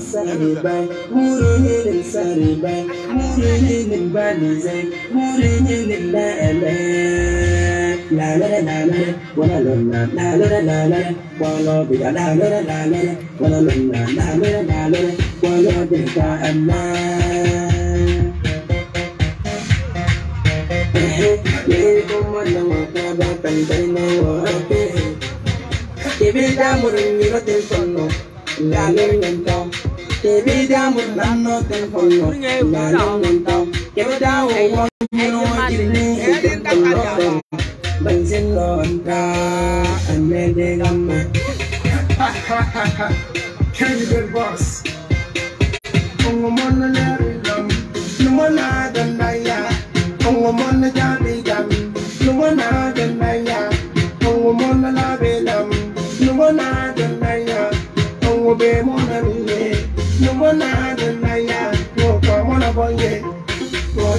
saribai murinin saribai murinin banizai murinin la'ala la'ala la'ala wala lonna la'ala la'ala wala bida la'ala la'ala wala lonna la'ala la'ala wala bida amma Ye kuma na wata ba kan dai na wa ake Ke bi da murin ni ba tin sonno la lernen tom thì bi da mình ăn nó tên phòng ngọc mà nó ngành tàu kéo đau con nhô chim ni tên tổng lót đồng mình xin lo anh ta anh mê đê găm mà Candy Bell Boss Ông ngomong nó lẻ rì lầm Nó mơ lại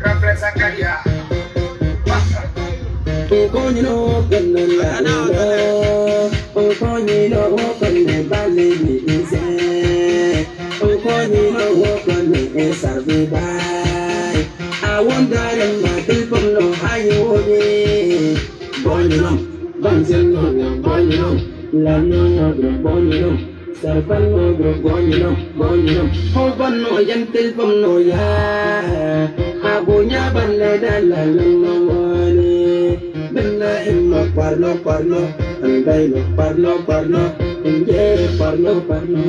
Rafle Zakaria. Okonyi no kene lalo, okonyi no kene bale ni ise, okonyi no kene esarve bai. I wonder if my people know how you want it. Bonyi no, bonyi no, bonyi no, la no no, bonyi no. Sarpan negro, goñino, goñino yantil ya parlo parlo parlo parlo parlo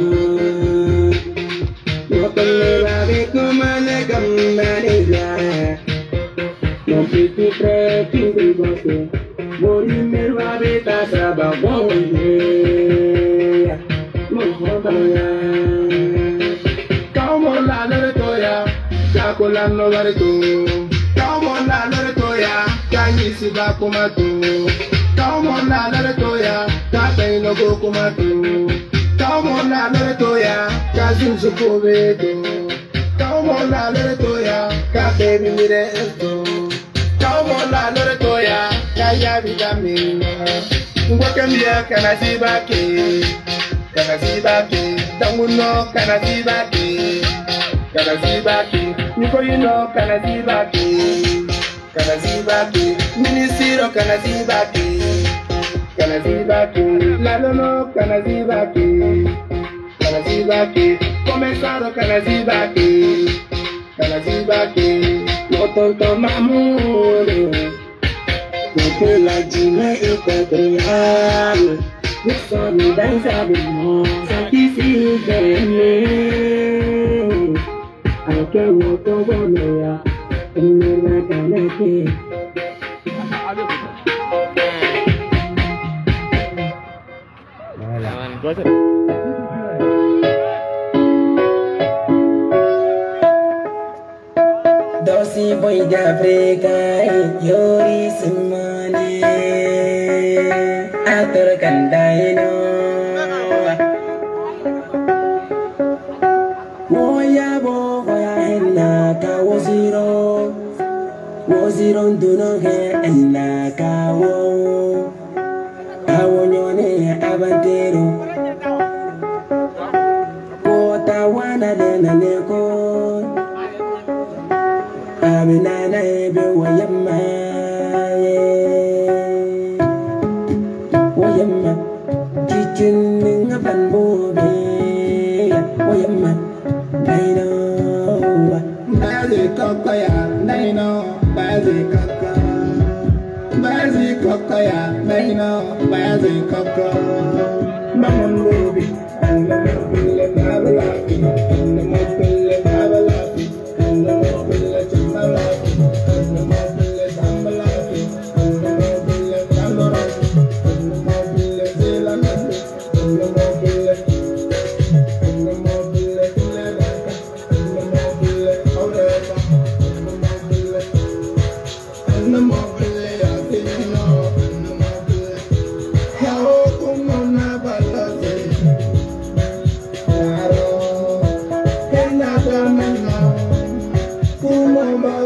kola nɔgɔri to. Tɔmɔ la lɔri to ya, ka ɲisiba kuma to. Tɔmɔ la lɔri to ya, ka fɛnɔgɔ kuma to. Tɔmɔ la lɔri to ya, ka sunsuko bɛ to. Tɔmɔ la lɔri to ya, ka bɛbi mirɛ to. Tɔmɔ la lɔri to ya, ka yabi ka mi na. Ngɔkɛ mi yɛ kana si ba ke. Kana zibaki, tanguno kana zibaki. Kana zibaki, nikoyino kana zibaki. Kana zibaki, minisiro kana zibaki. Kana zibaki, lalono kana zibaki. Kana zibaki, comensado kana zibaki. Kana zibaki, no tonto mamuro. Kukula jina Sorry, that's how we know. the name. I can walk over I'm never gonna get. Go ahead. Dosi boy da break, I yori ta từ gần đây nó Moya bo hoya henna ka wo zero Wo zero nduno he enna ka wo Ka wo nyone abadero Bazi koko ya naino Bazi koko Bazi koko ya naino Bazi koko Mamon rubi the rubi Mamon rubi the rubi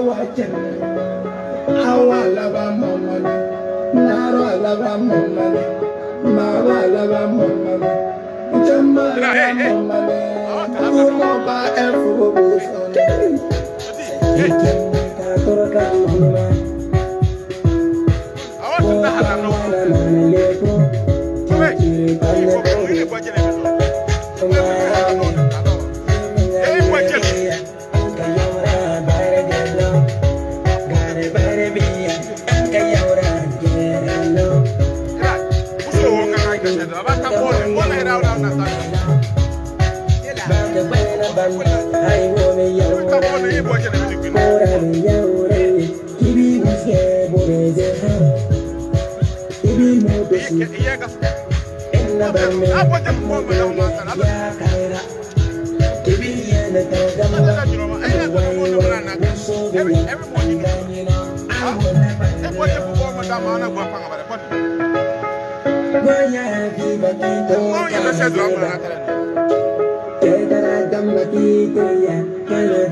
wa jẹ̀mẹ̀ awa alaba mọ̀mọ́ni naro alaba mọ̀mọ́ni maro alaba mọ̀mọ́ni jẹ́mọ́ alaba mọ̀mọ́ni kúrò bá ẹ̀fọ́ gbogbo sọ̀rọ̀ ìjẹ̀mẹ̀ kakọ́rọ́ ká mọ̀mọ́. Àwọn tó ń yeega a bojem kome law masan aaaajuroma ayna goto goto mona naga eɓe moƴino e bojem koma dama ana gua panga bare pot o yena sedura mona nakalen Kedara damakiteya, kedara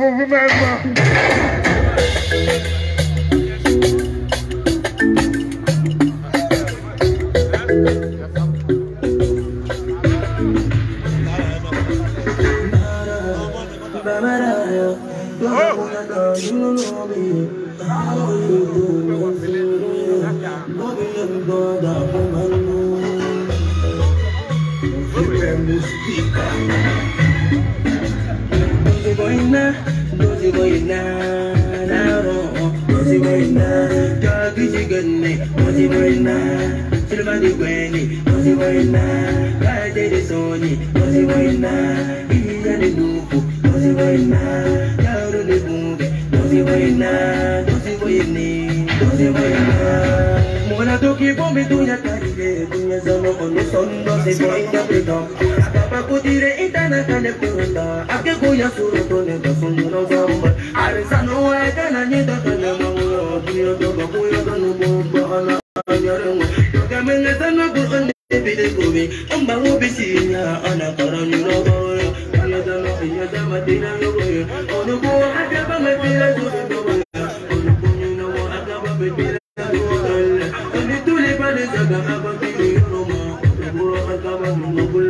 never remember boyna, dozy boyna, naro, dozy boyna, kagi jigani, dozy boyna, silvani gweni, dozy boyna, kaide soni, dozy boyna, iya de nuku, dozy boyna, yaro de bunge, dozy boyna, dozy boyni, dozy boyna. Mwana toki bombi dunya karide, dunya zama onu sondo, dozy boyna, dozy na kudire ita ake kuya suru to da sun na zamba wa ni da biyo ba kuya da bo mu to ga men bi de bi an ba bi si ya ana karan ba ya da no da madina ba ni ba ba ne ma ba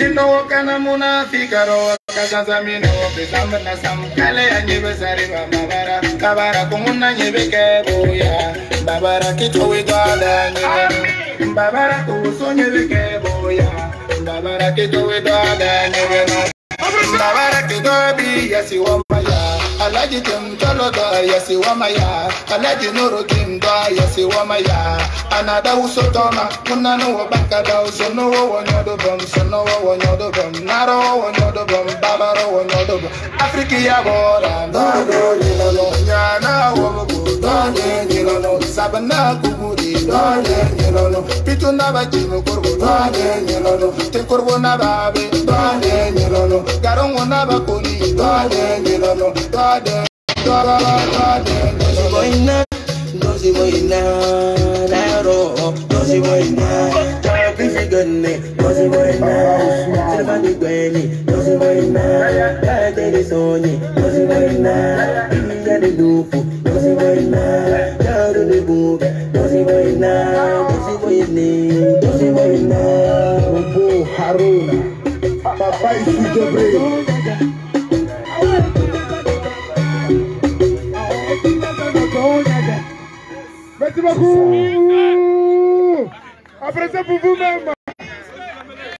jinoka na munafika rowa kazazamino bizambana samkale yanyibe sariba mabara kabara kumuna nyibike boya babara kitowi babara kuso boya babara babara alaji temtolo do yasiwama ya alaji norogim do yasiwama ya anada wo usotoma wo bakada usonowo wonyodobom sonowo wonyodobom narowo wonyodobom babaro wonyodobom afriki yabora ndodolilolo nyana womugu dɔɔnin ɲinɔnɔ sabanan kuburi dɔɔnin ɲinɔnɔ pitu naba jinu korobo dɔɔnin ɲinɔnɔ tekorobo naba be dɔɔnin ɲinɔnɔ garongo naba kori dɔɔnin ɲinɔnɔ dɔɔnin dɔɔnin dɔɔnin dosi moyina naro dosi moyina bisi gane dosi moyina silvani gbeni dosi moyina kaadere soni dosi moyina. duku Dosi na, charo de buka Dosi waina, dosi waine Dosi waina Ubu Haruna Papai Sujabril Merci beaucoup. Après ça, pour vous-même.